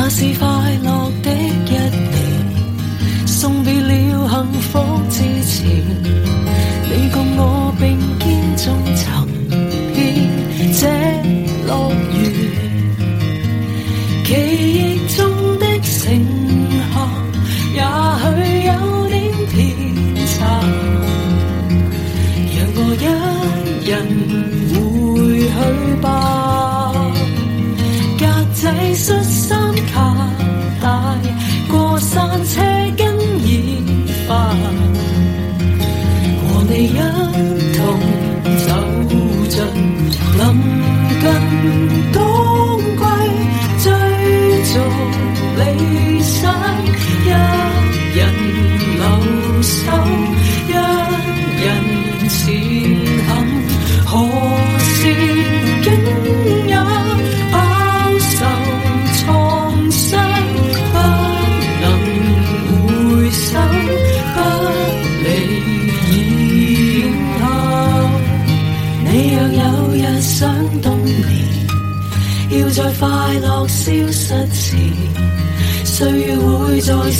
那是快樂的一年，送別了幸福之前，你共我並肩中尋遍這樂園。記憶中的景象，也許有點偏差，讓我一人回去吧。格仔恤。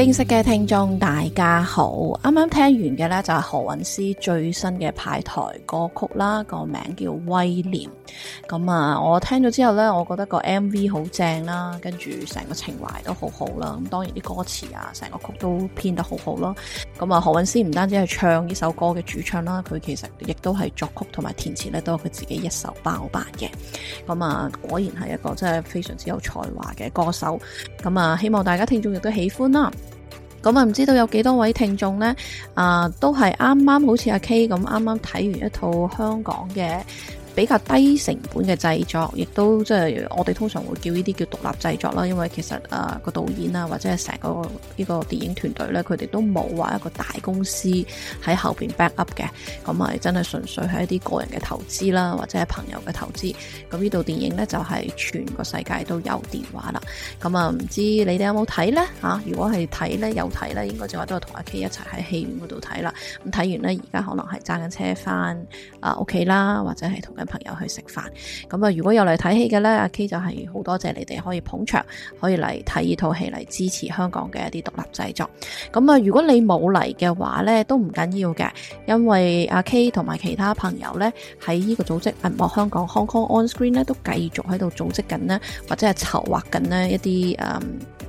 冰室嘅聽眾，大家好，啱啱聽完嘅呢就係何韻詩最新嘅派台歌曲啦，個名叫威廉。咁啊，我聽咗之後呢，我覺得個 MV 好正啦，跟住成個情懷都好好啦。咁當然啲歌詞啊，成個曲都編得好好啦。咁啊，何韻詩唔單止係唱呢首歌嘅主唱啦，佢其實亦都係作曲同埋填詞呢，都係佢自己一手包辦嘅。咁啊，果然係一個真係非常之有才華嘅歌手。咁啊，希望大家聽眾亦都喜歡啦。咁啊，唔知道有幾多位聽眾呢？啊，都係啱啱好似阿 K 咁啱啱睇完一套香港嘅。比較低成本嘅製作，亦都即係我哋通常會叫呢啲叫獨立製作啦。因為其實啊個、呃、導演啊或者係成個呢個電影團隊呢，佢哋都冇話一個大公司喺後邊 back up 嘅。咁咪真係純粹係一啲個人嘅投資啦，或者係朋友嘅投資。咁呢套電影呢，就係、是、全個世界都有電話啦。咁啊唔知你哋有冇睇呢？吓、啊，如果係睇呢，有睇呢，應該就話都係同阿 K 一齊喺戲院嗰度睇啦。咁睇完呢，而家可能係揸緊車翻啊屋企啦，或者係同緊。朋友去食飯，咁啊，如果有嚟睇戲嘅呢，阿 K 就係好多謝你哋可以捧場，可以嚟睇呢套戲嚟支持香港嘅一啲獨立製作。咁啊，如果你冇嚟嘅話呢，都唔緊要嘅，因為阿 K 同埋其他朋友呢，喺呢個組織銀幕香港 Hong Kong On Screen 呢，都繼續喺度組織緊呢，或者係籌劃緊呢一啲誒、嗯、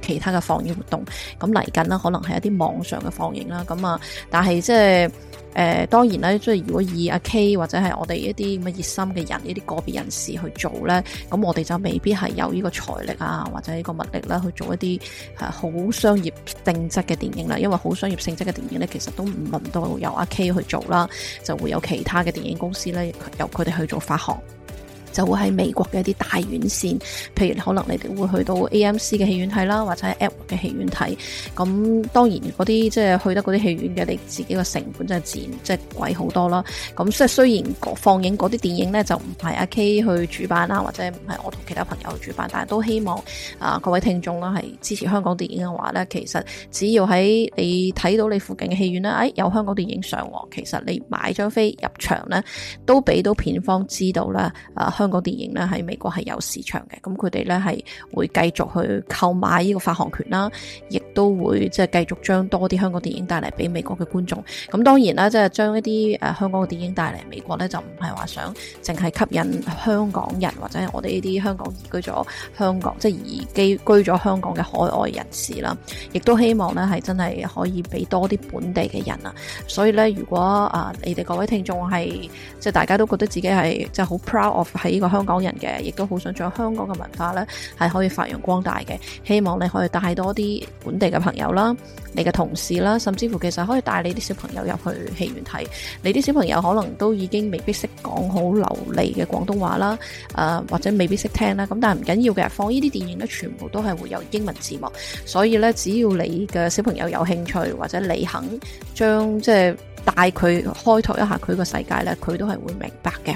其他嘅放映活動。咁嚟緊呢，可能係一啲網上嘅放映啦。咁啊，但係即係。誒當然啦，即係如果以阿 K 或者係我哋一啲咁嘅熱心嘅人，一啲個別人士去做咧，咁我哋就未必係有呢個財力啊，或者呢個物力啦去做一啲係好商業性質嘅電影啦，因為好商業性質嘅電影咧，其實都唔輪到由阿 K 去做啦，就會有其他嘅電影公司咧，由佢哋去做發行。就會喺美國嘅一啲大院線，譬如可能你哋會去到 AMC 嘅戲院睇啦，或者係 App 嘅戲院睇。咁當然嗰啲即係去得嗰啲戲院嘅，你自己個成本就自然係即係貴好多啦。咁即係雖然放映嗰啲電影呢，就唔係阿 K 去主辦啦，或者唔係我同其他朋友去主辦，但係都希望啊、呃、各位聽眾啦係支持香港電影嘅話呢。其實只要喺你睇到你附近嘅戲院咧，誒、哎、有香港電影上網，其實你買張飛入場呢，都俾到片方知道啦，啊、呃！香港電影咧喺美國係有市場嘅，咁佢哋咧係會繼續去購買呢個發行權啦，亦都會即係繼續將多啲香港電影帶嚟俾美國嘅觀眾。咁當然啦，即係將一啲誒香港嘅電影帶嚟美國咧，就唔係話想淨係吸引香港人或者係我哋呢啲香港移居咗香港，即係移居咗香港嘅海外人士啦，亦都希望咧係真係可以俾多啲本地嘅人啊。所以咧，如果啊、呃，你哋各位聽眾係即係大家都覺得自己係即係好 proud of 呢個香港人嘅，亦都好想將香港嘅文化呢，係可以發揚光大嘅。希望你可以帶多啲本地嘅朋友啦，你嘅同事啦，甚至乎其實可以帶你啲小朋友入去戲院睇。你啲小朋友可能都已經未必識講好流利嘅廣東話啦，呃，或者未必識聽啦。咁但係唔緊要嘅，放呢啲電影呢，全部都係會有英文字幕。所以呢，只要你嘅小朋友有興趣，或者你肯將，即係帶佢開拓一下佢個世界呢，佢都係會明白嘅。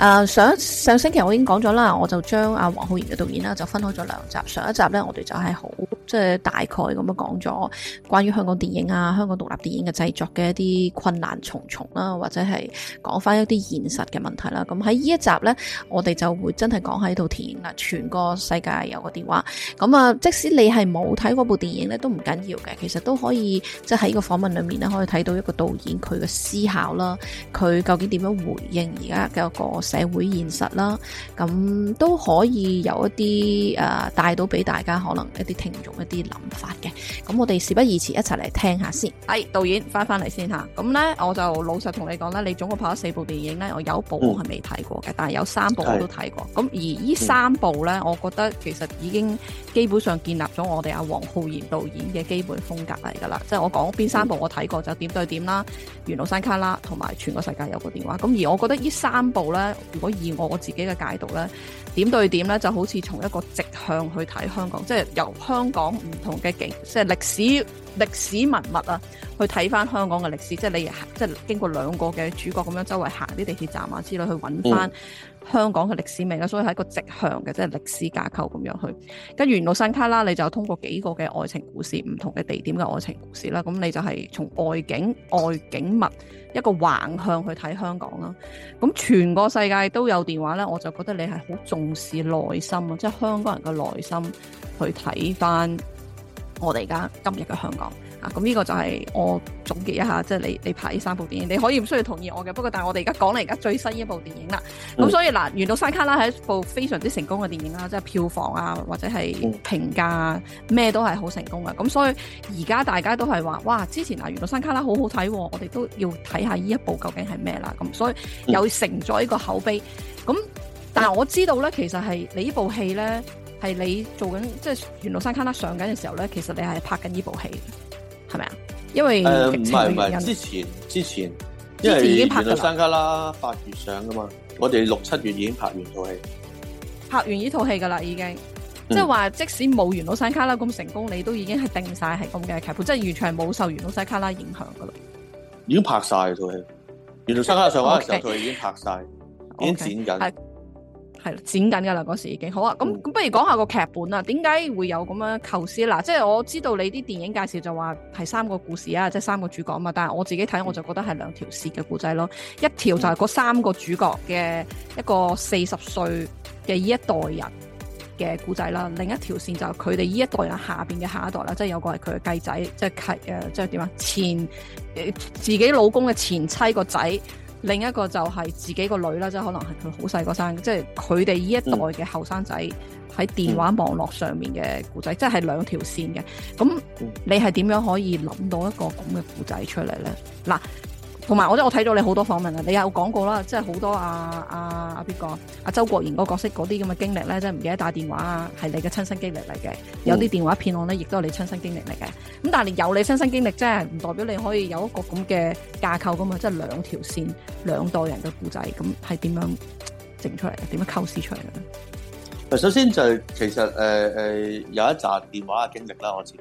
誒、uh, 上一上星期我已經講咗啦，我就將阿黃浩然嘅導演啦就分開咗兩集。上一集呢，我哋就係好即係大概咁樣講咗關於香港電影啊、香港獨立電影嘅製作嘅一啲困難重重啦、啊，或者係講翻一啲現實嘅問題啦、啊。咁喺呢一集呢，我哋就會真係講喺套電影啦，《全個世界都有電話》。咁啊，即使你係冇睇嗰部電影呢，都唔緊要嘅，其實都可以即係喺、就是、個訪問裏面呢，可以睇到一個導演佢嘅思考啦，佢究竟點樣回應而家嘅個社會現實啦，咁都可以有一啲誒、呃，帶到俾大家可能一啲聽眾一啲諗法嘅。咁我哋事不宜遲，一齊嚟聽下先。係、哎、導演翻翻嚟先吓，咁呢，我就老實同你講啦，你總共拍咗四部電影呢，我有一部我係未睇過嘅，嗯、但係有三部我都睇過。咁、嗯、而呢三部呢，嗯、我覺得其實已經基本上建立咗我哋阿黃浩然導演嘅基本風格嚟噶啦。即係我講邊三部我睇過就《點對點》啦，《緣路山旮旯》同埋《全個世界有個電話》。咁而我覺得呢三部呢。如果以我自己嘅解讀咧，點對點咧，就好似從一個直向去睇香港，即係由香港唔同嘅景，即係歷史歷史文物啊，去睇翻香港嘅歷史，即係你即係經過兩個嘅主角咁樣周圍行啲地鐵站啊之類去揾翻。香港嘅歷史味啦，所以係一個直向嘅，即係歷史架構咁樣去。跟住《緣路山旮旯》，你就通過幾個嘅愛情故事，唔同嘅地點嘅愛情故事啦。咁你就係從外景、外景物一個橫向去睇香港啦。咁全個世界都有電話呢，我就覺得你係好重視內心啊，即係香港人嘅內心去睇翻我哋而家今日嘅香港。啊，咁呢個就係我總結一下，即係你你拍呢三部電影，你可以唔需要同意我嘅。不過，但係我哋而家講嚟，而家最新一部電影啦。嗯，咁所以嗱，《緣路山旮旯》係一部非常之成功嘅電影啦，即係票房啊，或者係評價咩都係好成功嘅。咁所以而家大家都係話：「哇！之前嗱，《緣路山旮旯》好好睇啊，我哋都要睇下呢一部究竟係咩啦。咁所以有承載呢個口碑。咁但係我知道咧，其實係你呢部戲咧，係你做緊即係《緣路山旮旯》上緊嘅時候咧，其實你係拍緊呢部戲。係咪啊？因為唔係唔係，之前之前，因為已經拍咗《山卡拉》八月上噶嘛。我哋六七月已經拍完套戲，拍完呢套戲噶啦，已經即係話，嗯、即使冇《完老山卡拉》咁成功，你都已經係定晒係咁嘅劇本，即係完全係冇受《完老山卡拉》影響影響噶啦。已經拍晒套戲，原來《山卡啦》上嗰個時候，佢 Okay, 已經拍晒，okay, 已經剪緊。Okay, 是係剪緊噶啦，嗰時已經好啊。咁咁，不如講下個劇本啊？點解會有咁樣構思咧？嗱，即係我知道你啲電影介紹就話係三個故事啊，即係三個主角啊嘛。但係我自己睇，我就覺得係兩條線嘅故仔咯。一條就係嗰三個主角嘅一個四十歲嘅依一代人嘅故仔啦。另一條線就係佢哋依一代人下邊嘅下一代啦，即係有個係佢嘅繼仔，即係契誒，即係點啊？前自己老公嘅前妻個仔。另一個就係自己個女啦，即係可能係佢好細個生，即係佢哋呢一代嘅後生仔喺電話網絡上面嘅故仔，嗯、即係係兩條線嘅。咁你係點樣可以諗到一個咁嘅故仔出嚟咧？嗱。同埋，我即我睇咗你好多訪問啊！你有講過啦，即係好多阿阿阿邊個阿周國賢嗰角色嗰啲咁嘅經歷咧，即係唔記得打電話啊，係你嘅親身經歷嚟嘅。有啲電話騙案咧，亦都係你親身經歷嚟嘅。咁但係，有你親身經歷，即係唔代表你可以有一個咁嘅架構噶嘛？即係兩條線、兩代人嘅故仔，咁係點樣整出嚟？點樣構思出嚟嘅咧？首先就係、其實誒誒、呃呃、有一集電話嘅經歷啦，我自己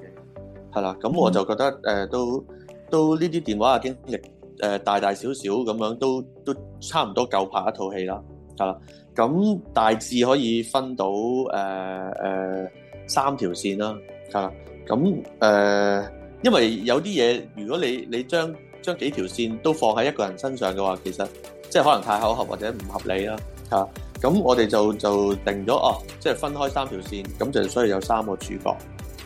係啦。咁我就覺得誒、嗯呃、都都呢啲電話嘅經歷。誒大大小小咁樣都都差唔多夠拍一套戲啦，係啦。咁大致可以分到誒誒三條線啦，係啦。咁誒，因為有啲嘢，如果你你將將幾條線都放喺一個人身上嘅話，其實即係可能太巧合或者唔合理啦，係啊。咁我哋就就定咗哦，即係分開三條線，咁就需要有三個主角，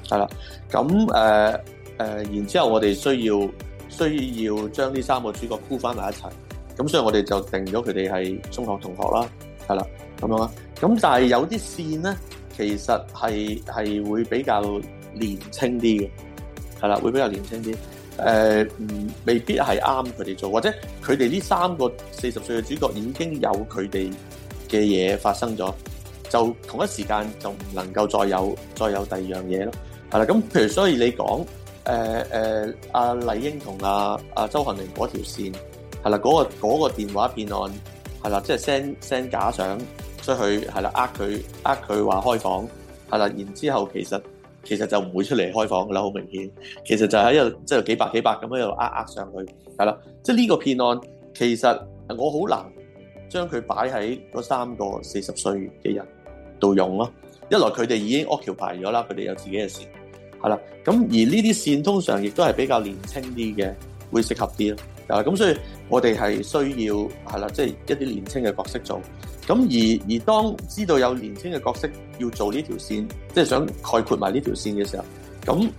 係啦。咁誒誒，然之後我哋需要。需要將呢三個主角箍翻埋一齊，咁所以我哋就定咗佢哋係中學同學啦，係啦，咁樣啦。咁但係有啲線咧，其實係係會比較年輕啲嘅，係啦，會比較年輕啲。誒、呃，唔未必係啱佢哋做，或者佢哋呢三個四十歲嘅主角已經有佢哋嘅嘢發生咗，就同一時間就唔能夠再有再有第二樣嘢咯。係啦，咁譬如所以你講。誒誒，阿、呃呃啊、麗英同阿阿周恆玲嗰條線係啦，嗰個嗰個電話騙案係啦，即係 send send 假相出去係啦，呃佢呃佢話開房係啦，然之後其實其實就唔會出嚟開房噶啦，好明顯，其實就喺度即係幾百幾百咁樣喺度呃呃上去係啦，即係呢個騙案其實我好難將佢擺喺嗰三個四十歲嘅人度用咯，一來佢哋已經 occupied 咗啦，佢哋有自己嘅事。係啦，咁而呢啲線通常亦都係比較年輕啲嘅，會適合啲咯。啊，咁所以我哋係需要係啦，即係一啲年輕嘅角色做。咁而而當知道有年輕嘅角色要做呢條線，即係想概括埋呢條線嘅時候，咁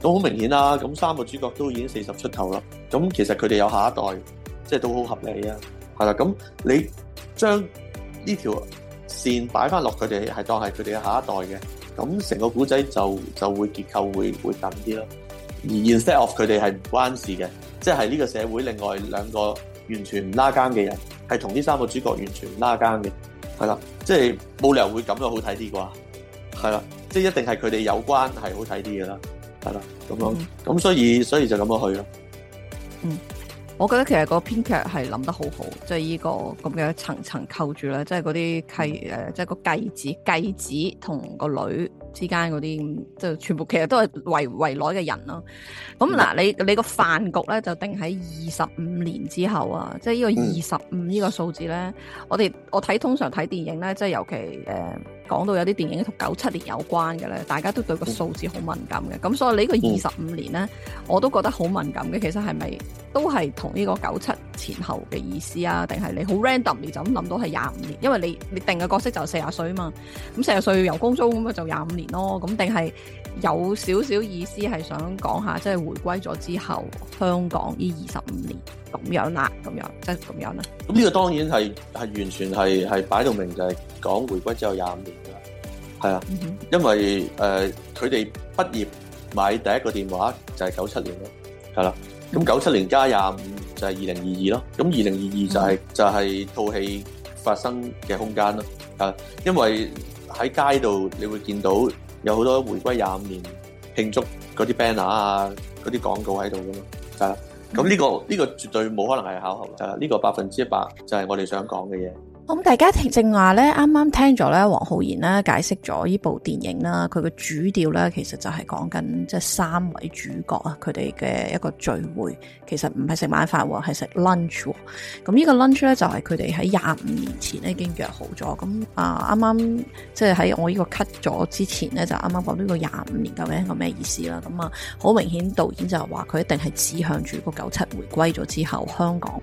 都好明顯啦。咁三個主角都已經四十出頭啦，咁其實佢哋有下一代，即係都好合理啊。係啦，咁你將呢條線擺翻落佢哋，係當係佢哋嘅下一代嘅。咁成個古仔就就會結構會會緊啲咯，而 instead of 佢哋係唔關事嘅，即係呢個社會另外兩個完全唔拉更嘅人，係同呢三個主角完全唔拉更嘅，係啦，即係冇理由會咁樣好睇啲啩？係啦，即係一定係佢哋有關係好睇啲嘅啦，係啦，咁樣咁、嗯、所以所以就咁樣去咯。嗯。我覺得其實個編劇係諗得好好，即係呢個咁嘅層層扣住啦，即係嗰啲繼，即係個繼子、繼子同個女。之間嗰啲，即係全部其實都係圍圍內嘅人咯、啊。咁嗱，你你個飯局咧就定喺二十五年之後啊，即係呢個二十五呢個數字咧，我哋我睇通常睇電影咧，即係尤其誒講、呃、到有啲電影同九七年有關嘅咧，大家都對個數字好敏感嘅。咁、嗯、所以你這個呢個二十五年咧，我都覺得好敏感嘅。其實係咪都係同呢個九七？前後嘅意思啊，定係你好 random，你就咁諗到係廿五年，因為你你定嘅角色就係四十歲啊嘛，咁四十歲由高中咁啊就廿五年咯，咁定係有少少意思係想講下，即係回歸咗之後香港呢二十五年咁樣啦，咁樣即係咁樣啦。咁呢個當然係係完全係係擺到明，就係講回歸之後廿五年噶啦，係啊，因為誒佢哋畢業買第一個電話就係九七年咯，係啦，咁九七年加廿五。就係二零二二咯，咁二零二二就係就係套戲發生嘅空間咯。啊，因為喺街度你會見到有好多回歸廿五年慶祝嗰啲 banner 啊，嗰啲廣告喺度噶嘛，就係咁呢個呢、嗯、個絕對冇可能係巧合啦。呢、呢個百分之一百就係、係、我哋想講嘅嘢。咁大家聽正話咧，啱啱聽咗咧，黃浩然呢解釋咗呢部電影啦，佢嘅主調咧其實就係講緊即係三位主角啊，佢哋嘅一個聚會，其實唔係食晚飯喎，係食 lunch。咁呢個 lunch 咧就係佢哋喺廿五年前咧已經約好咗。咁啊啱啱即係喺我呢個 cut 咗之前咧，就啱啱講到呢個廿五年究竟一個咩意思啦。咁啊，好明顯導演就係話佢一定係指向住個九七回歸咗之後香港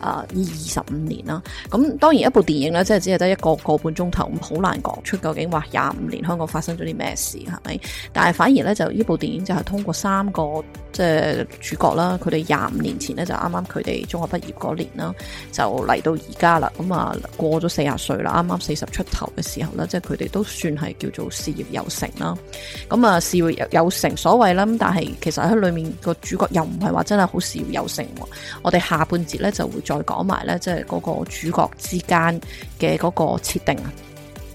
啊呢二十五年啦。咁當然一部。部電影咧，即係只係得一個一個半鐘頭，咁好難講出究竟話廿五年香港發生咗啲咩事係咪？但係反而咧，就呢部電影就係通過三個即係主角啦，佢哋廿五年前咧就啱啱佢哋中學畢業嗰年啦，就嚟到而家啦，咁、嗯、啊過咗四十歲啦，啱啱四十出頭嘅時候咧，即係佢哋都算係叫做事業有成啦，咁啊事業有成所謂啦，咁但係其實喺裏面個主角又唔係話真係好事業有成。有成我哋下半節咧就會再講埋咧，即係嗰個主角之間。嘅個設定啊，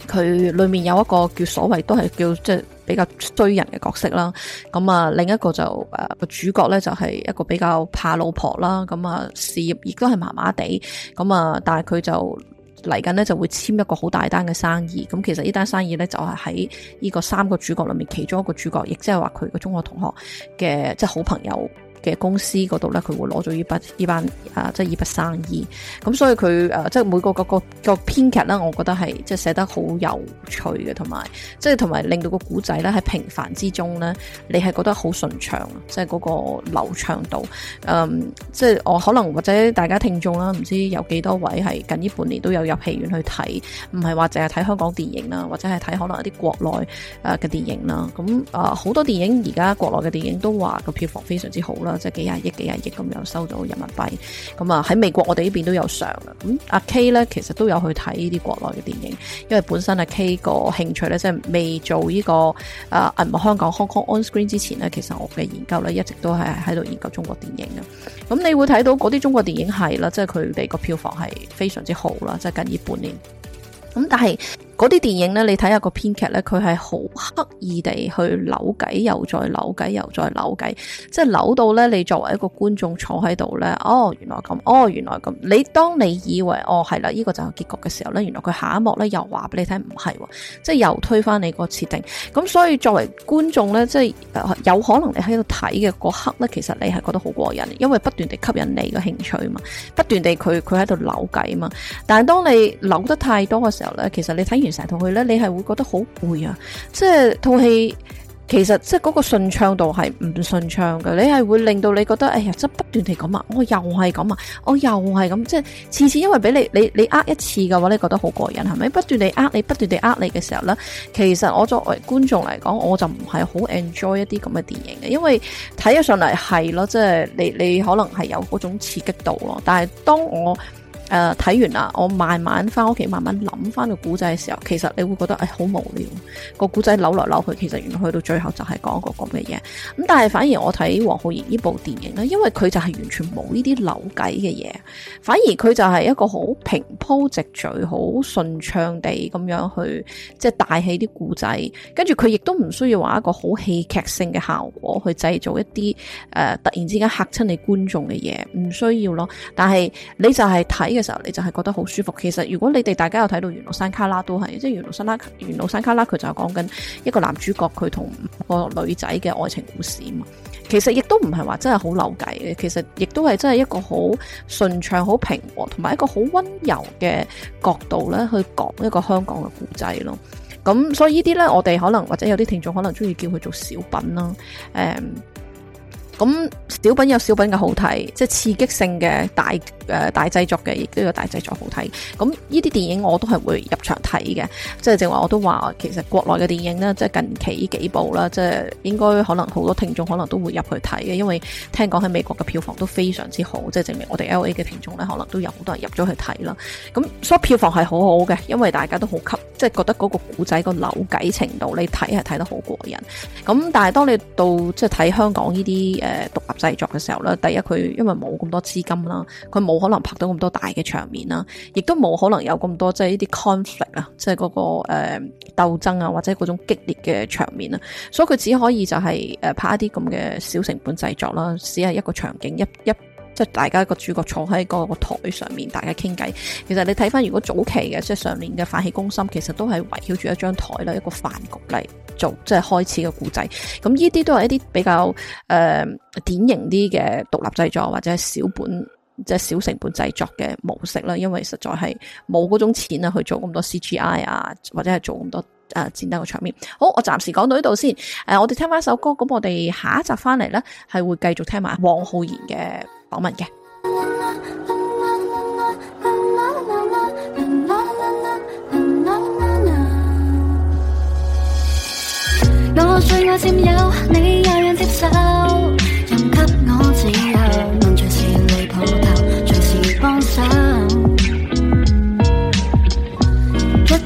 佢裏面有一個叫所謂都係叫即係比較衰人嘅角色啦。咁啊，另一個就誒個、啊、主角咧就係、是、一個比較怕老婆啦。咁啊，事業亦都係麻麻地。咁啊，但係佢就嚟緊咧就會簽一個好大單嘅生意。咁其實呢單生意咧就係喺呢個三個主角裏面其中一個主角，亦即係話佢個中學同學嘅即係好朋友。嘅公司嗰度咧，佢會攞咗呢筆呢班啊，即係呢筆生意。咁所以佢誒、呃，即係每個各個個編劇咧，我覺得係即係寫得好有趣嘅，同埋即係同埋令到個古仔咧喺平凡之中咧，你係覺得好順暢，即係嗰個流暢度。誒、嗯，即係我可能或者大家聽眾啦，唔知道有幾多位係近呢半年都有入戲院去睇，唔係話淨係睇香港電影啦，或者係睇可能一啲國內誒嘅電影啦。咁啊，呃、好多電影而家國內嘅電影都話個票房非常之好啦。即係幾廿億、幾廿億咁樣收到人民幣，咁啊喺美國我哋呢邊都有上啦。咁阿 K 咧，其實都有去睇呢啲國內嘅電影，因為本身阿 K 個興趣咧，即係未做呢個誒銀幕香港 Hong Kong On Screen 之前咧，其實我嘅研究咧一直都係喺度研究中國電影嘅。咁你會睇到嗰啲中國電影係啦，即係佢哋個票房係非常之好啦，即係近呢半年。咁但係。嗰啲電影呢，你睇下個編劇呢，佢係好刻意地去扭計，又再扭計，又再扭計，即係扭到呢，你作為一個觀眾坐喺度呢，哦，原來咁，哦，原來咁。你當你以為哦係啦，呢個就係結局嘅時候呢，原來佢下一幕呢又話俾你睇，唔係喎，即係又推翻你個設定。咁所以作為觀眾呢，即係有可能你喺度睇嘅嗰刻呢，其實你係覺得好過癮，因為不斷地吸引你嘅興趣嘛，不斷地佢佢喺度扭計嘛。但係當你扭得太多嘅時候呢，其實你睇。成日同咧，你係會覺得好攰啊，即係套戲其實即係嗰，嗰個順暢度係唔順暢嘅，你係會令到你覺得哎呀，即係不斷地咁啊，我又係咁啊，我又係咁，即係次次因為俾你你你呃，一次嘅話，你覺得好過癮係咪？不斷地呃你，不斷地呃你嘅時候咧，其實我作為觀眾嚟講，我就唔係好 enjoy 一啲咁嘅電影嘅，因為睇咗上嚟係咯，即係你你可能係有嗰種刺激度咯，但係當我，誒，睇、呃、完啦，我慢慢翻屋企慢慢諗翻個古仔嘅時候，其實你會覺得誒好、哎、無聊，個古仔扭來扭去，其實原來去到最後就係講一個咁嘅嘢。咁、嗯、但係反而我睇黃浩然呢部電影咧，因為佢就係完全冇呢啲扭計嘅嘢，反而佢就係一個好平鋪直敘、好順暢地咁樣去即係帶起啲故仔，跟住佢亦都唔需要話一個好戲劇性嘅效果去製造一啲誒、呃、突然之間嚇親你觀眾嘅嘢，唔需要咯。但係你就係睇。嘅時候你就係覺得好舒服。其實如果你哋大家有睇到《緣路山旮旯》都係，即係《緣路山旮旯》《緣路山旮旯》，佢就係講緊一個男主角佢同個女仔嘅愛情故事嘛。其實亦都唔係話真係好扭計嘅，其實亦都係真係一個好順暢、好平和，同埋一個好溫柔嘅角度咧去講一個香港嘅故仔咯。咁所以呢啲呢，我哋可能或者有啲聽眾可能中意叫佢做小品啦。誒、嗯，咁小品有小品嘅好睇，即係刺激性嘅大。誒，大製作嘅亦都有大製作好睇，咁呢啲電影我都係會入場睇嘅，即係正話我都話其實國內嘅電影咧，即係近期幾部啦，即係應該可能好多聽眾可能都會入去睇嘅，因為聽講喺美國嘅票房都非常之好，即係證明我哋 L A 嘅聽眾咧，可能都有好多人入咗去睇啦。咁所以票房係好好嘅，因為大家都好吸，即係覺得嗰個故仔個扭計程度，你睇係睇得好過癮，咁但係當你到即係睇香港呢啲誒獨立製作嘅時候咧，第一佢因為冇咁多資金啦，佢冇。冇可能拍到咁多大嘅場面啦，亦都冇可能有咁多即係呢啲 conflict 啊，那個，即係嗰個誒鬥爭啊，或者嗰種激烈嘅場面啊，所以佢只可以就係誒拍一啲咁嘅小成本製作啦，只係一個場景，一一即係、就是、大家一個主角坐喺個台上面，大家傾偈。其實你睇翻如果早期嘅即係上年嘅《飯戲攻心》，其實都係圍繞住一張台啦，一個飯局嚟做，即、就、係、是、開始嘅故仔。咁呢啲都係一啲比較誒、呃、典型啲嘅獨立製作或者係小本。即係小成本製作嘅模式啦，因為實在係冇嗰種錢啦去做咁多 CGI 啊，或者係做咁多誒戰鬥嘅場面。好，我暫時講到呢度先。誒，我哋聽翻首歌，咁我哋下一集翻嚟咧係會繼續聽埋黃浩然嘅訪問嘅。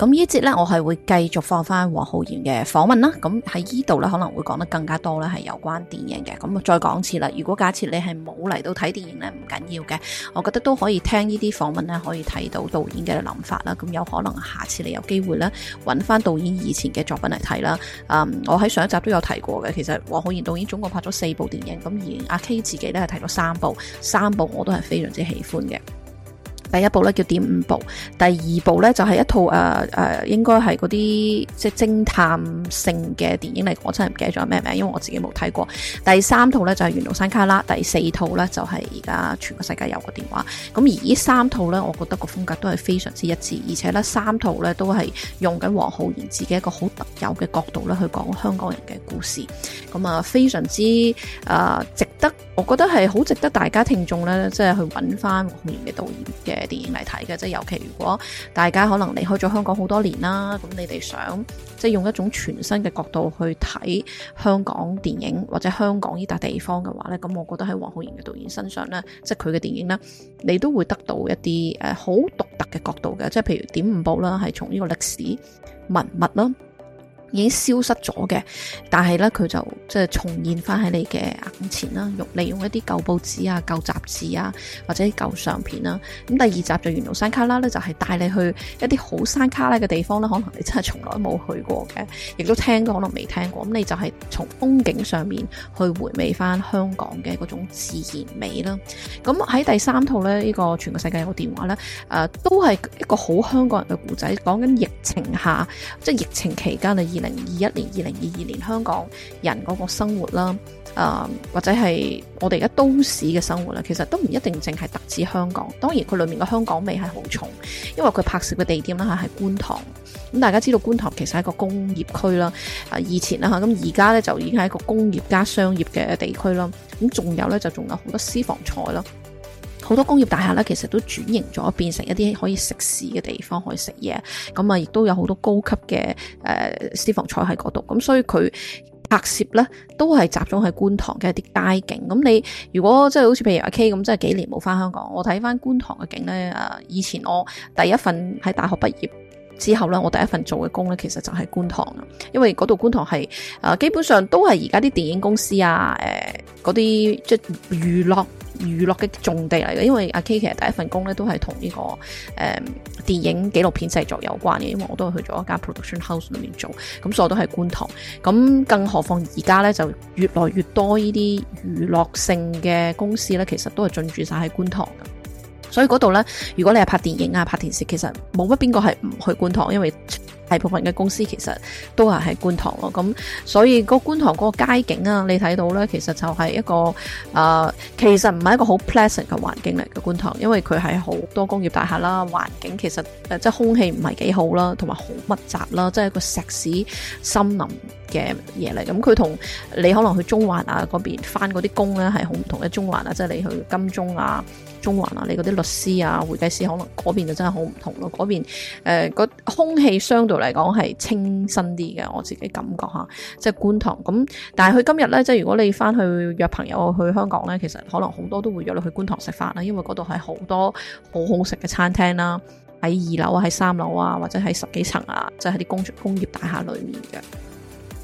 咁呢節咧，我係會繼續放翻黃浩然嘅訪問啦。咁喺呢度咧，可能會講得更加多咧，係有關電影嘅。咁再講次啦，如果假設你係冇嚟到睇電影咧，唔緊要嘅，我覺得都可以聽呢啲訪問咧，可以睇到導演嘅諗法啦。咁有可能下次你有機會呢，揾翻導演以前嘅作品嚟睇啦。嗯，我喺上一集都有提過嘅，其實黃浩然導演總共拍咗四部電影，咁而阿 K 自己咧係睇咗三部，三部我都係非常之喜歡嘅。第一部咧，叫點五步，第二部咧就係、是、一套誒誒，應該係嗰啲即係偵探性嘅電影嚟，我真係唔記得咗咩名，因為我自己冇睇過。第三套咧就係《緣路山旮旯》，第四套咧就係而家全個世界有個電話。咁而這三呢三套咧，我覺得個風格都係非常之一致，而且咧三套咧都係用緊黃浩然自己一個好特有嘅角度咧去講香港人嘅故事。咁啊，非常之誒、呃、值得，我覺得係好值得大家聽眾咧，即、就、係、是、去揾翻黃浩然嘅導演嘅。嘅電影嚟睇嘅，即係尤其如果大家可能離開咗香港好多年啦，咁你哋想即係用一種全新嘅角度去睇香港電影或者香港呢笪地方嘅話呢，咁我覺得喺黃浩然嘅導演身上呢，即係佢嘅電影呢，你都會得到一啲誒好獨特嘅角度嘅，即係譬如點五部啦，係從呢個歷史文物啦。已經消失咗嘅，但係呢，佢就即係重現翻喺你嘅眼前啦。用利用一啲舊報紙啊、舊雜誌啊，或者舊相片啦、啊。咁第二集就緣、是、路山旮旯咧，就係、是、帶你去一啲好山卡拉嘅地方啦。可能你真係從來冇去過嘅，亦都聽過可能未聽過。咁你就係從風景上面去回味翻香港嘅嗰種自然美啦。咁喺第三套呢，呢、這個《全個世界有電話》呢，誒、呃、都係一個好香港人嘅故仔，講緊疫情下，即係疫情期間零二一年、二零二二年香港人嗰個生活啦，誒、呃、或者係我哋而家都市嘅生活啦，其實都唔一定淨係特指香港。當然佢裏面個香港味係好重，因為佢拍攝嘅地點啦係觀塘。咁大家知道觀塘其實係一個工業區啦，啊以前啦吓，咁而家呢，就已經係一個工業加商業嘅地區啦。咁仲有呢，就仲有好多私房菜咯。好多工業大廈咧，其實都轉型咗，變成一啲可以食肆嘅地方，可以食嘢。咁、嗯、啊，亦都有好多高級嘅誒、呃、私房菜喺嗰度。咁、嗯、所以佢拍攝咧，都係集中喺觀塘嘅一啲街景。咁、嗯、你如果即係好似譬如阿 K 咁，即係幾年冇翻香港，我睇翻觀塘嘅景咧，誒、呃，以前我第一份喺大學畢業之後咧，我第一份做嘅工咧，其實就係觀塘啊。因為嗰度觀塘係誒、呃，基本上都係而家啲電影公司啊，誒嗰啲即係娛樂。娛樂嘅重地嚟嘅，因為阿 K 其實第一份工咧都係同呢個誒、嗯、電影紀錄片製作有關嘅，因為我都係去咗一間 production house 裏面做，咁所以我都係觀塘，咁更何況而家咧就越來越多呢啲娛樂性嘅公司咧，其實都係進駐晒喺觀塘嘅。所以嗰度呢，如果你係拍電影啊、拍電視，其實冇乜邊個係唔去觀塘，因為大部分嘅公司其實都係喺觀塘咯。咁所以個觀塘嗰個街景啊，你睇到呢，其實就係一個誒、呃，其實唔係一個好 pleasant 嘅環境嚟嘅觀塘，因為佢係好多工業大廈啦，環境其實即係、呃、空氣唔係幾好啦，同埋好密集啦，即係一個石屎森林嘅嘢嚟。咁佢同你可能去中環啊嗰邊返嗰啲工呢，係好唔同嘅，中環啊，即係你去金鐘啊。中環啊，你嗰啲律師啊、會計師可能嗰邊就真係好唔同咯，嗰邊個、呃、空氣相對嚟講係清新啲嘅，我自己感覺嚇，即係觀塘咁。但係佢今日呢，即係如果你翻去約朋友去香港呢，其實可能好多都會約你去觀塘食飯啦，因為嗰度係好多好好食嘅餐廳啦，喺二樓啊、喺三樓啊，或者喺十幾層啊，即係啲工業工業大廈裡面嘅。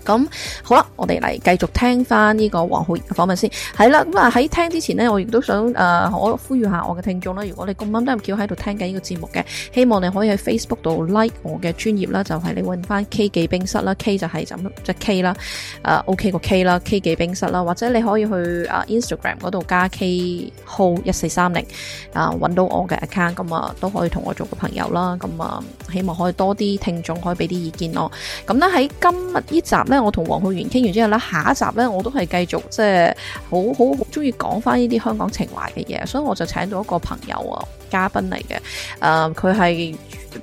咁好啦，我哋嚟繼續聽翻呢個黃浩然嘅訪問先。係啦，咁啊喺聽之前咧，我亦都想誒、呃、我呼籲下我嘅聽眾啦，如果你咁啱都係喺度聽緊呢個節目嘅，希望你可以喺 Facebook 度 like 我嘅專頁啦，就係、是、你揾翻 K 記冰室啦，K 就係就即、是、K 啦、呃，誒 OK 個 K 啦，K 記冰室啦，或者你可以去誒、呃、Instagram 嗰度加 K 浩一四三零啊，揾到我嘅 account，咁啊都可以同我做個朋友啦，咁啊希望可以多啲聽眾可以俾啲意見咯。咁咧喺今日呢集咧。我同黃浩然傾完之後咧，下一集咧我都係繼續即係好好好中意講翻呢啲香港情懷嘅嘢，所以我就請咗一個朋友啊，嘉賓嚟嘅，誒佢係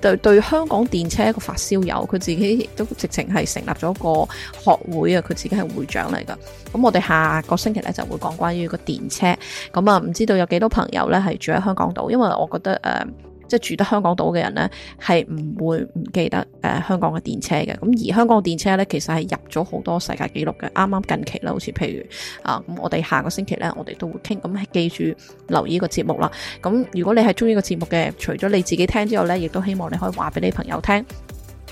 對對香港電車一個發燒友，佢自己亦都直情係成立咗個學會啊，佢自己係會長嚟噶。咁我哋下個星期咧就會講關於個電車，咁啊唔知道有幾多朋友咧係住喺香港度，因為我覺得誒。呃即係住得香港島嘅人呢，係唔會唔記得誒、呃、香港嘅電車嘅。咁而香港電車呢，其實係入咗好多世界紀錄嘅。啱啱近期咧，好似譬如啊，咁、呃、我哋下個星期呢，我哋都會傾。咁記住留意這個節目啦。咁如果你係中意個節目嘅，除咗你自己聽之後呢，亦都希望你可以話俾你朋友聽。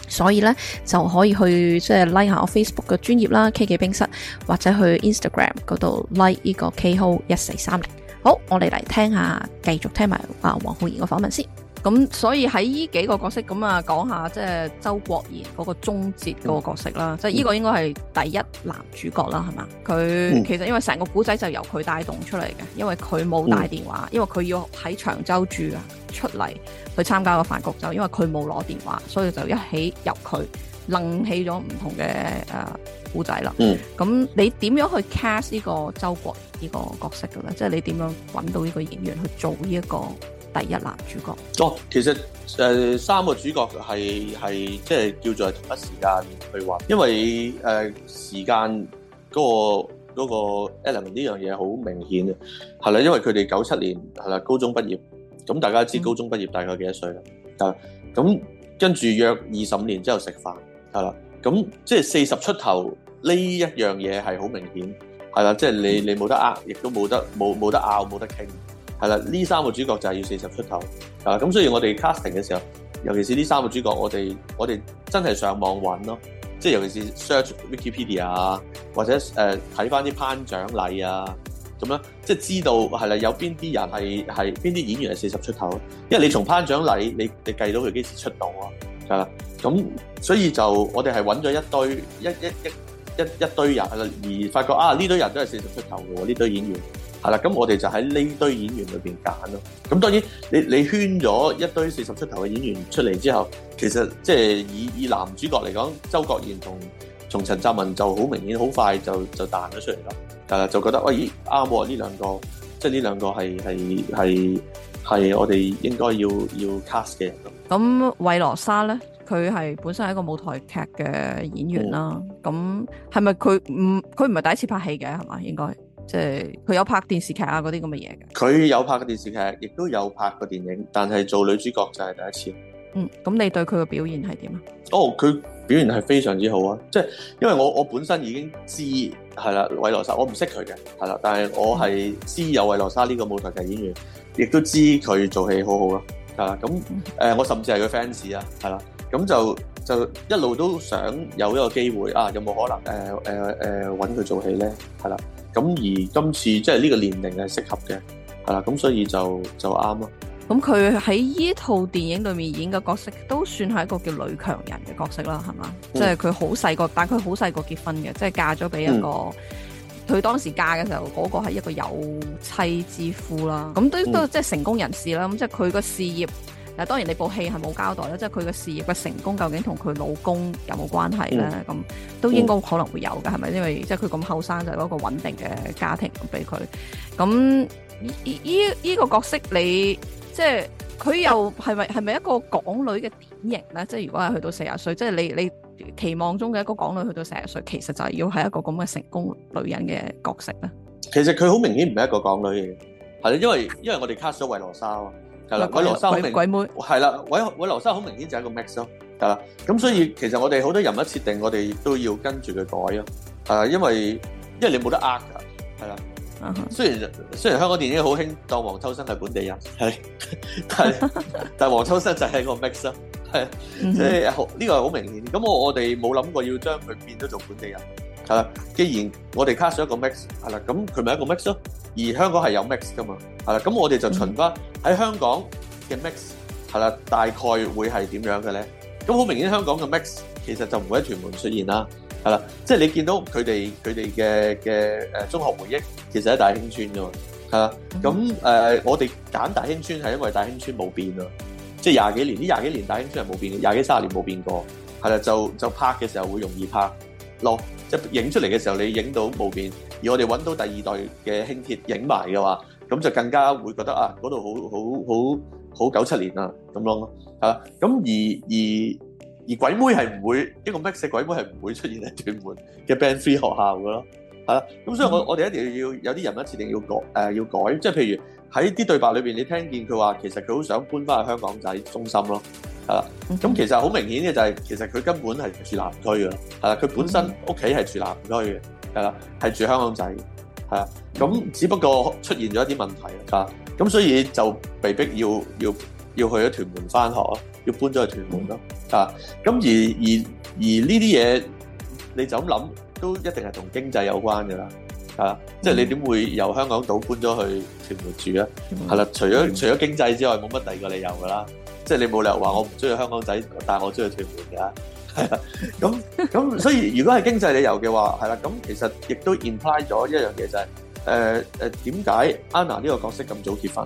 所以呢，就可以去即係 like 下我 Facebook 嘅專頁啦，K 記冰室，或者去 Instagram 嗰度 like、like、呢 k 個 KayHo 一四三零。好，我哋嚟聽一下，繼續聽埋啊黃浩然嘅訪問先。咁所以喺呢幾個角色咁啊，講下即係、就是、周國賢嗰個終結嗰個角色啦，嗯、即係呢個應該係第一男主角啦，係嘛？佢、嗯、其實因為成個古仔就由佢帶動出嚟嘅，因為佢冇帶電話，嗯、因為佢要喺長洲住啊，出嚟去參加個飯局，就因為佢冇攞電話，所以就一起入佢，愣起咗唔同嘅誒古仔啦。呃、嗯，咁你點樣去 cast 呢個周國賢呢個角色嘅咧？即、就、係、是、你點樣揾到呢個演員去做呢、這、一個？第一男主角哦，其實誒、呃、三個主角係係即係叫做係同一時間去話，因為誒、呃、時間嗰、嗰個、嗰個 element 呢樣嘢好明顯嘅係啦，因為佢哋九七年係啦高中畢業，咁大家知高中畢業大概幾多歲啦？咁跟住約二十五年之後食飯係啦，咁即係四十出頭呢一樣嘢係好明顯係啦，即係、就是、你你冇得呃，亦都冇得冇冇得拗，冇得傾。係啦，呢三個主角就係要四十出頭，啊咁所以我哋 casting 嘅時候，尤其是呢三個主角，我哋我哋真係上網揾咯，即係尤其是 search Wikipedia 啊，或者誒睇翻啲頒獎禮啊，咁樣即係知道係啦，有邊啲人係係邊啲演員係四十出頭，因為你從頒獎禮你你計到佢幾時出道啊，係啦，咁所以就我哋係揾咗一堆一一一一一堆人係啦，而發覺啊呢堆人都係四十出頭嘅喎，呢堆演員。係啦，咁我哋就喺呢堆演員裏面揀咯。咁當然，你你圈咗一堆四十出頭嘅演員出嚟之後，其實即係以以男主角嚟講，周國賢同同陳澤文就好明顯，好快就就彈咗出嚟咯。誒，就覺得喂，啱、哎、喎，呢兩個即係呢兩個係係係係我哋應該要要 cast 嘅人。咁韋羅莎咧，佢係本身係一個舞台劇嘅演員啦。咁係咪佢唔佢唔係第一次拍戲嘅係嘛？應該。即係佢有拍電視劇啊嗰啲咁嘅嘢嘅。佢有拍過電視劇，亦都有拍過電影，但係做女主角就係第一次。嗯，咁你對佢嘅表現係點啊？哦，佢表現係非常之好啊！即係因為我我本身已經知係啦，韋羅莎，我唔識佢嘅係啦，但係我係知有韋羅莎呢個舞台劇演員，亦都、嗯、知佢做戲好好、啊、咯。係啦，咁誒、 呃，我甚至係佢 fans 啊，係啦，咁就就一路都想有呢個機會啊，有冇可能誒誒誒揾佢做戲咧？係、呃、啦。呃呃呃咁而今次即係呢個年齡係適合嘅，係啦，咁所以就就啱咯。咁佢喺呢套電影裏面演嘅角色都算係一個叫女強人嘅角色啦，係嘛？即係佢好細個，但係佢好細個結婚嘅，即係嫁咗俾一個，佢、嗯、當時嫁嘅時候嗰個係一個有妻之夫啦，咁都都即係成功人士啦，咁即係佢個事業。嗱，當然你部戲係冇交代啦，即係佢嘅事業嘅成功究竟同佢老公有冇關係咧？咁、嗯、都應該可能會有嘅，係咪、嗯？因為即係佢咁後生就係嗰個穩定嘅家庭俾佢。咁依依依依個角色你，你即係佢又係咪係咪一個港女嘅典型咧？即係如果係去到四十歲，即係你你期望中嘅一個港女去到四十歲，其實就係要係一個咁嘅成功女人嘅角色咧。其實佢好明顯唔係一個港女嘅，係因為因為我哋卡咗維羅莎。係啦，鬼羅生鬼妹，係啦，鬼鬼羅生好明顯就係一個 mix 咯，係啦。咁所以其實我哋好多人物設定，我哋都要跟住佢改咯。啊，因為因為你冇得呃㗎，係啦。嗯、哼雖然雖然香港電影好興當黃秋生係本地人，係係，但黃 秋生就係個 mix 咯，係即係呢個係好明顯。咁我我哋冇諗過要將佢變咗做本地人。係啦，既然我哋卡咗一個 max 係啦，咁佢咪一個 max 咯？而香港係有 max 㗎嘛？係啦，咁我哋就尋翻喺香港嘅 max 係啦，大概會係點樣嘅咧？咁好明顯，香港嘅 max 其實就唔會喺屯門出現啦。係啦，即係你見到佢哋佢哋嘅嘅誒中學回憶，其實喺大興村啫嘛。係啦，咁誒我哋揀大興村係因為大興村冇變啊，即係廿幾年，呢廿幾年大興村係冇變嘅，廿幾三十年冇變過。係啦，就就拍嘅時候會容易拍咯，即係影出嚟嘅時候，你影到冇變，而我哋揾到第二代嘅輕鐵影埋嘅話，咁就更加會覺得啊，嗰度好好好好九七年啊，咁咯嚇。咁而而而鬼妹係唔會，一個 Mix 嘅鬼妹係唔會出現喺屯門嘅 Band 3學校嘅咯，係啦。咁所以，我我哋一定要有啲人物設定要改，誒、嗯、要改，即係譬如喺啲對白裏邊，你聽見佢話其實佢好想搬翻去香港仔中心咯。咁其實好明顯嘅就係，其實佢根本係住南區嘅，係啦，佢本身屋企係住南區嘅，係啦，係住香港仔，係啦，咁只不過出現咗一啲問題啊，咁所以就被逼要要要去咗屯門翻學咯，要搬咗去屯門咯，啊，咁而而而呢啲嘢你就咁諗，都一定係同經濟有關嘅啦，啊，即係你點會由香港島搬咗去屯門住啊？係啦，除咗除咗經濟之外，冇乜第二個理由噶啦。即係你冇理由話我唔中意香港仔，但係我中意屯門㗎。係啦，咁咁，所以如果係經濟理由嘅話，係啦，咁其實亦都 imply 咗一樣嘢就係誒誒點解 Anna 呢個角色咁早結婚，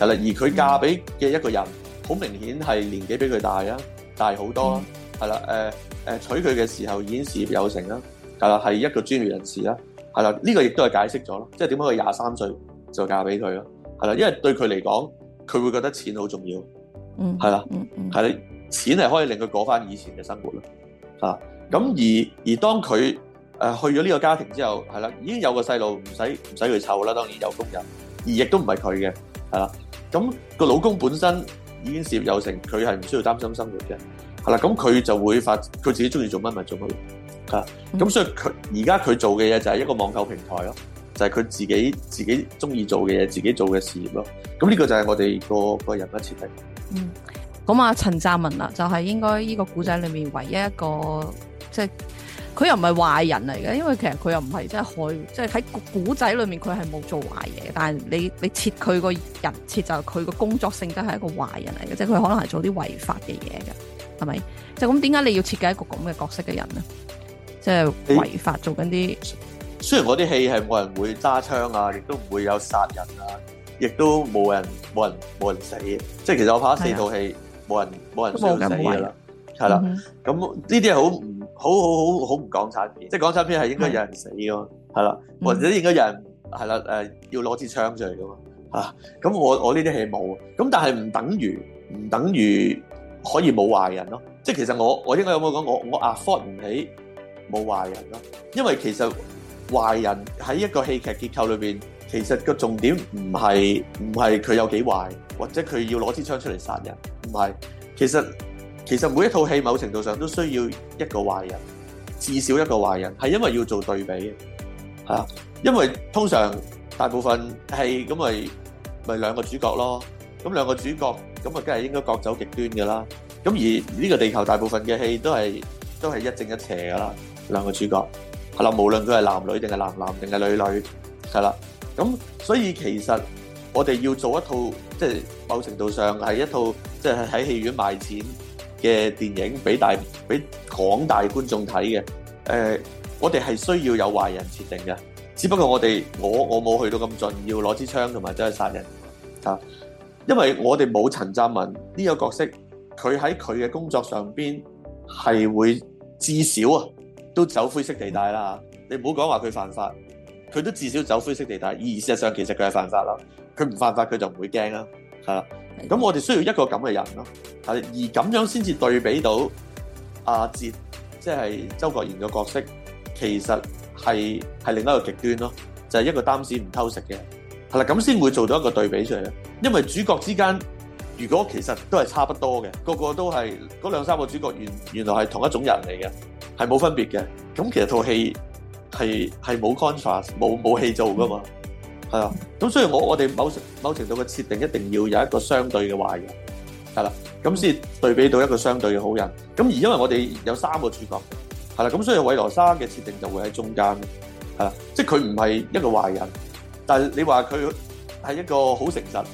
係啦，而佢嫁俾嘅一個人好明顯係年紀比佢大啊，大好多啦，係啦，誒、呃、誒娶佢嘅時候已經事業有成啦，係啦，係一個專業人士啦，係啦，呢、這個亦都係解釋咗咯，即係點解佢廿三歲就嫁俾佢咯，係啦，因為對佢嚟講，佢會覺得錢好重要。嗯，係、嗯、啦，嗯嗯，係，錢係可以令佢過翻以前嘅生活啦，吓，咁而而當佢誒去咗呢個家庭之後，係啦，已經有個細路唔使唔使去湊啦，當然有工人，而亦都唔係佢嘅，係啦，咁、個老公本身已經事業有成，佢係唔需要擔心生活嘅，係啦，咁佢就會發佢自己中意做乜咪做乜咯，吓，咁、嗯、所以佢而家佢做嘅嘢就係一個網購平台咯，就係、係、佢自己自己中意做嘅嘢，自己做嘅事業咯，咁呢個就係我哋、個、個人嘅設定。嗯，咁啊，陳湛文啊，就係應該呢個古仔裏面唯一一個，即係佢又唔係壞人嚟嘅，因為其實佢又唔係即係害，即係喺古仔裏面佢係冇做壞嘢，但係你你設佢個人設就係佢個工作性質係一個壞人嚟嘅，即係佢可能係做啲違法嘅嘢嘅，係咪？就咁點解你要設計一個咁嘅角色嘅人咧？即係違法做緊啲你，雖然我啲戲係冇人會揸槍啊，亦都唔會有殺人啊。亦都冇人冇人冇人，人死，即係其實我拍咗四套戲冇人冇人想死就冇壞人啦，係啦。咁呢啲係好唔好好好好唔港產片，即係港產片係應該有人死咯，係啦，或者應該有人係啦誒要攞支槍出嚟㗎嘛吓。咁、啊、我我呢啲戲冇，咁但係唔等於唔等於可以冇壞人咯。即係其實我我應該有冇講我我 afford 唔起冇壞人咯，因為其實壞人喺一個戲劇結構裏邊。其實個重點唔係唔係佢有幾壞，或者佢要攞支槍出嚟殺人，唔係。其實其實每一套戲，某程度上都需要一個壞人，至少一個壞人，係因為要做對比係啊。因為通常大部分戲咁，咪咪兩個主角咯。咁兩個主角咁咪，梗係應該各走極端噶啦。咁而呢個地球大部分嘅戲都係都係一正一邪噶啦。兩個主角係啦，無論佢係男女定係男男定係女女係啦。咁所以其實我哋要做一套即係、就是、某程度上係一套即係喺戲院賣錢嘅電影，俾大俾廣大觀眾睇嘅。誒、呃，我哋係需要有壞人設定嘅，只不過我哋我我冇去到咁盡，要攞支槍同埋走去殺人啊！因為我哋冇陳贊文呢個角色，佢喺佢嘅工作上邊係會至少啊都走灰色地帶啦。你唔好講話佢犯法。佢都至少走灰色地帶，而事實上其實佢係犯法啦。佢唔犯法佢就唔會驚啦，係啦。咁我哋需要一個咁嘅人咯，而咁樣先至對比到阿、啊、哲，即係周國賢嘅角色，其實係係另一個極端咯，就係、是、一個擔屎唔偷食嘅，係啦，咁先會做到一個對比出嚟。因為主角之間如果其實都係差不多嘅，個個都係嗰兩三個主角原原來係同一種人嚟嘅，係冇分別嘅。咁其實套戲。係係冇 contrast 冇戲做噶嘛？係啊，咁所以我我哋某某程度嘅設定一定要有一個相對嘅壞人，係啦，咁先對比到一個相對嘅好人。咁而因為我哋有三個主角，係啦，咁所以慧羅莎嘅設定就會喺中間，係啦，即佢唔係一個壞人，但你話佢係一個好誠實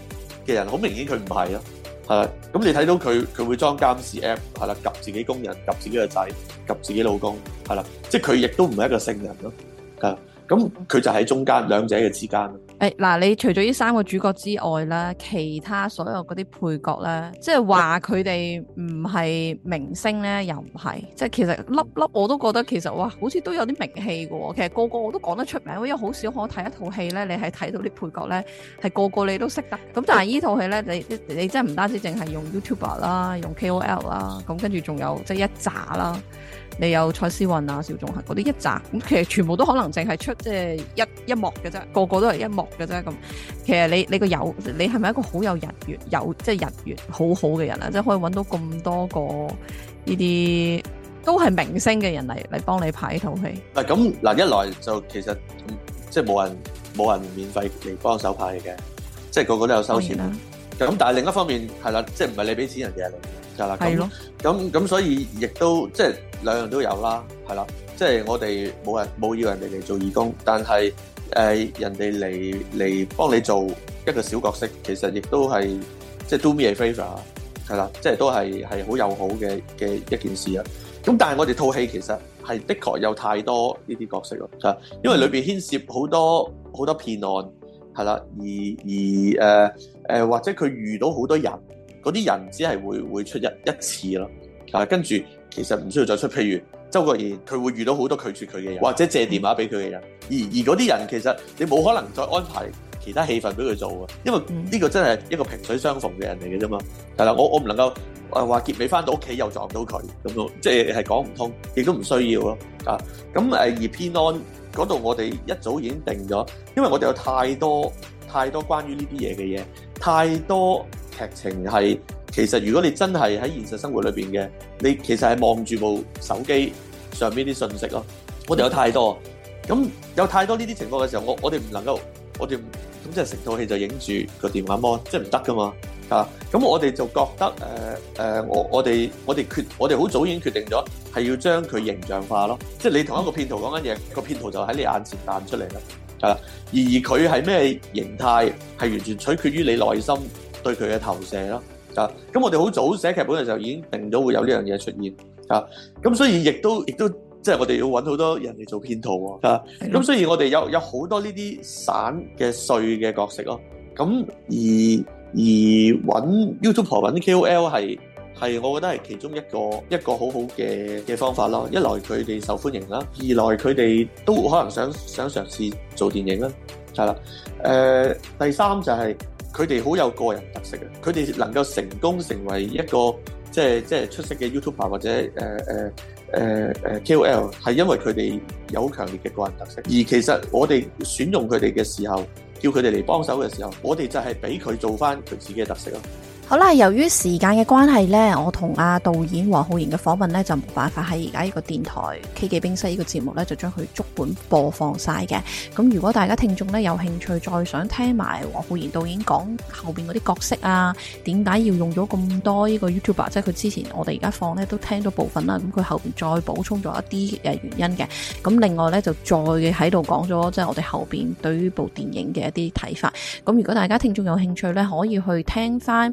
嘅人，好明顯佢唔係咯。係啦，咁你睇到佢佢會裝監視 app，係啦，及自己工人，及自己個仔，及自己老公，係啦，即係佢亦都唔係一個聖人咯。咁佢就喺中間兩、嗯、者嘅之間。誒嗱、哎，你除咗呢三個主角之外啦，其他所有嗰啲配角咧，即係話佢哋唔係明星咧，又唔係，即係其實粒粒我都覺得其實哇，好似都有啲名氣喎、哦。其實個個我都講得出名，因為好少我睇一套戲咧，你係睇到啲配角咧，係個個你都識得。咁但係呢套戲咧，你你真係唔單止淨係用 YouTuber 啦，用 KOL 啦，咁跟住仲有即係一紮啦。你有蔡思韻啊、邵仲衡嗰啲一紮，咁其實全部都可能淨係出即係一一幕嘅啫，個個都係一幕嘅啫咁。其實你你個有，你係咪一個好有人緣、有即係人緣好好嘅人啊？即係可以揾到咁多個呢啲都係明星嘅人嚟嚟幫你拍呢套戲。嗱咁嗱一來就其實即係冇人冇人免費嚟幫手拍嘅，即係個個都有收錢。咁但係另一方面，係啦，即係唔係你俾錢人嘅，係啦。係咯的。咁咁所以亦都即係兩樣都有啦，係啦。即係我哋冇人冇要人哋嚟做義工，但係誒、呃、人哋嚟嚟幫你做一個小角色，其實亦都係即係 do me a favour，係啦，即係都係係好友好嘅嘅一件事啊。咁但係我哋套戲其實係的確有太多呢啲角色咯，就因為裏邊牽涉好多好、嗯、多騙案，係啦，而而誒。呃誒或者佢遇到好多人，嗰啲人只係會會出一一次咯，啊跟住其實唔需要再出。譬如周國賢，佢會遇到好多拒絕佢嘅人，或者借電話俾佢嘅人。而而嗰啲人其實你冇可能再安排其他戲份俾佢做啊，因為呢個真係一個萍水相逢嘅人嚟嘅啫嘛。係啦，我我唔能夠誒話結尾翻到屋企又撞到佢咁樣，即係係講唔通，亦都唔需要咯。啊，咁、啊、誒而片安嗰度我哋一早已經定咗，因為我哋有太多太多關於呢啲嘢嘅嘢。太多劇情係，其實如果你真係喺現實生活裏邊嘅，你其實係望住部手機上邊啲信息咯。我哋有太多，咁有太多呢啲情況嘅時候，我我哋唔能夠，我哋咁即係成套戲就影住個電話摩，即係唔得㗎嘛。啊，咁我哋就覺得誒誒、呃呃，我我哋我哋決，我哋好早已經決定咗係要將佢形象化咯。即係你同一個騙徒講緊嘢，個騙徒就喺你眼前彈出嚟啦。而佢係咩形態，係完全取決於你內心對佢嘅投射咯。啊，咁我哋好早寫劇本嘅時候已經定咗會有呢樣嘢出現。啊，咁所以亦都亦都即係、就是、我哋要揾好多人嚟做騙徒喎。啊，咁所以我哋有有好多呢啲散嘅碎嘅角色咯。咁而而揾 YouTube 揾 KOL 係。係，我覺得係其中一個一個很好好嘅嘅方法咯。一來佢哋受歡迎啦，二來佢哋都可能想想嘗試做電影啦，係啦。誒、呃，第三就係佢哋好有個人特色嘅，佢哋能夠成功成為一個即係即係出色嘅 YouTuber 或者誒誒、呃、誒誒、呃、KOL，係因為佢哋有強烈嘅個人特色。而其實我哋選用佢哋嘅時候，叫佢哋嚟幫手嘅時候，我哋就係俾佢做翻佢自己嘅特色咯。好啦，由於時間嘅關係呢，我同阿導演王浩然嘅訪問呢，就冇辦法喺而家呢個電台《K 記冰室》呢個節目呢，就將佢足本播放晒嘅。咁如果大家聽眾呢，有興趣，再想聽埋王浩然導演講後邊嗰啲角色啊，點解要用咗咁多呢個 YouTube r 即係佢之前我哋而家放呢都聽咗部分啦。咁佢後邊再補充咗一啲誒原因嘅。咁另外呢，就再喺度講咗，即係我哋後邊對於部電影嘅一啲睇法。咁如果大家聽眾有興趣呢，可以去聽翻。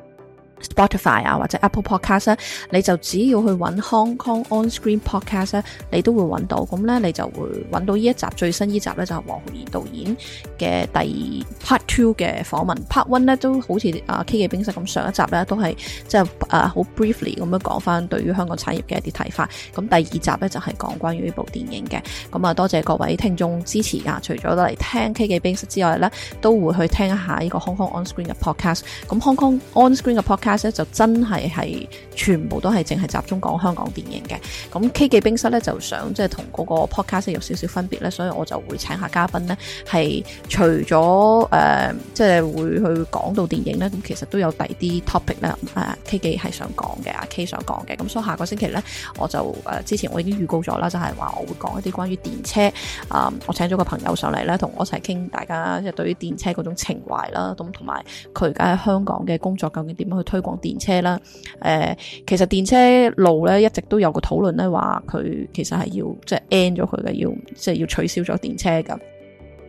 Spotify 啊，或者 Apple Podcast 咧，你就只要去揾 Hong Kong On Screen Podcast 咧，你都會揾到。咁咧，你就會揾到呢一集最新呢一集咧，就係黃浩然導演嘅第二 Part Two 嘅訪問。Part One 咧都好似啊 K 記冰室咁上一集咧，都係即係啊好 briefly 咁樣講翻對於香港產業嘅一啲睇法。咁第二集咧就係講關於呢部電影嘅。咁啊，多謝各位聽眾支持啊！除咗嚟聽 K 記冰室之外咧，都會去聽一下呢個 Hong Kong On Screen 嘅 Podcast。咁 Hong Kong On Screen 嘅 Podcast 就真係係全部都係淨係集中講香港電影嘅，咁 K 記冰室咧就想即係同個 podcast 有少少分別咧，所以我就會請下嘉賓咧係除咗誒即係會去講到電影咧，咁其實都有第二啲 topic 咧誒 K 記係想講嘅，阿 K 想講嘅，咁所以下個星期咧我就誒、呃、之前我已經預告咗啦，就係、是、話我會講一啲關於電車啊、呃，我請咗個朋友上嚟咧同我一齊傾，大家即係、就是、對於電車嗰種情懷啦，咁同埋佢而家喺香港嘅工作究竟點樣去推。講電車啦，誒、呃，其實電車路咧一直都有個討論咧，話佢其實係要即係、就是、end 咗佢嘅，要即係、就是、要取消咗電車咁。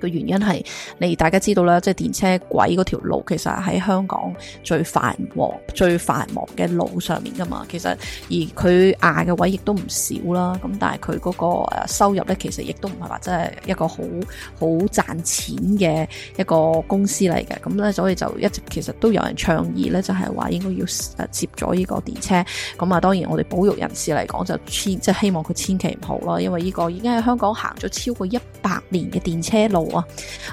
個原因係，你大家知道啦，即係電車軌嗰條路其實喺香港最繁忙、最繁忙嘅路上面㗎嘛。其實而佢捱嘅位亦都唔少啦，咁但係佢嗰個收入呢，其實亦都唔係話真係一個好好賺錢嘅一個公司嚟嘅。咁呢，所以就一直其實都有人倡議呢，就係話應該要接咗呢個電車。咁啊，當然我哋保育人士嚟講就千，即係希望佢千祈唔好啦，因為呢個已經喺香港行咗超過一百年嘅電車路。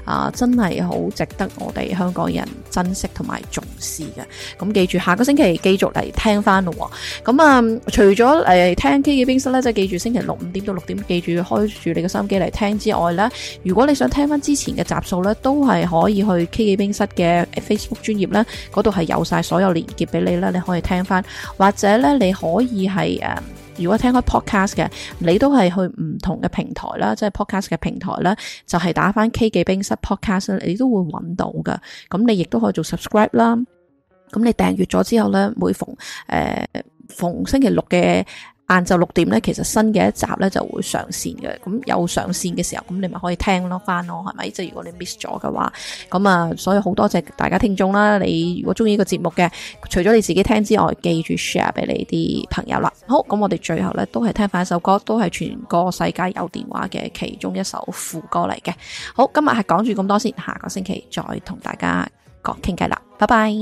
啊！真係好值得我哋香港人珍惜同埋重視嘅。咁記住，下個星期繼續嚟聽翻咯。咁啊、嗯，除咗誒聽 K 記冰室呢，即係記住星期六五點到六點，記住開住你嘅收音機嚟聽之外呢，如果你想聽翻之前嘅集數呢，都係可以去 K 記冰室嘅 Facebook 專頁呢。嗰度係有晒所有鏈接俾你啦，你可以聽翻，或者呢你可以係誒。如果聽開 podcast 嘅，你都係去唔同嘅平台啦，即係 podcast 嘅平台啦，就係、是、打翻 K 記冰室 podcast，你都會揾到噶。咁你亦都可以做 subscribe 啦。咁你訂閱咗之後咧，每逢誒、呃、逢星期六嘅，晏晝六點咧，其實新嘅一集咧就會上線嘅。咁有上線嘅時候，咁你咪可以聽咯翻咯，係咪？即係如果你 miss 咗嘅話，咁啊，所以好多謝大家聽眾啦。你如果中意呢個節目嘅，除咗你自己聽之外，記住 share 俾你啲朋友啦。好，咁我哋最後咧都係聽翻一首歌，都係全個世界有電話嘅其中一首副歌嚟嘅。好，今日係講住咁多先，下個星期再同大家。講傾偈啦，拜拜。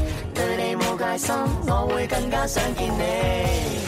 我會更加想見你。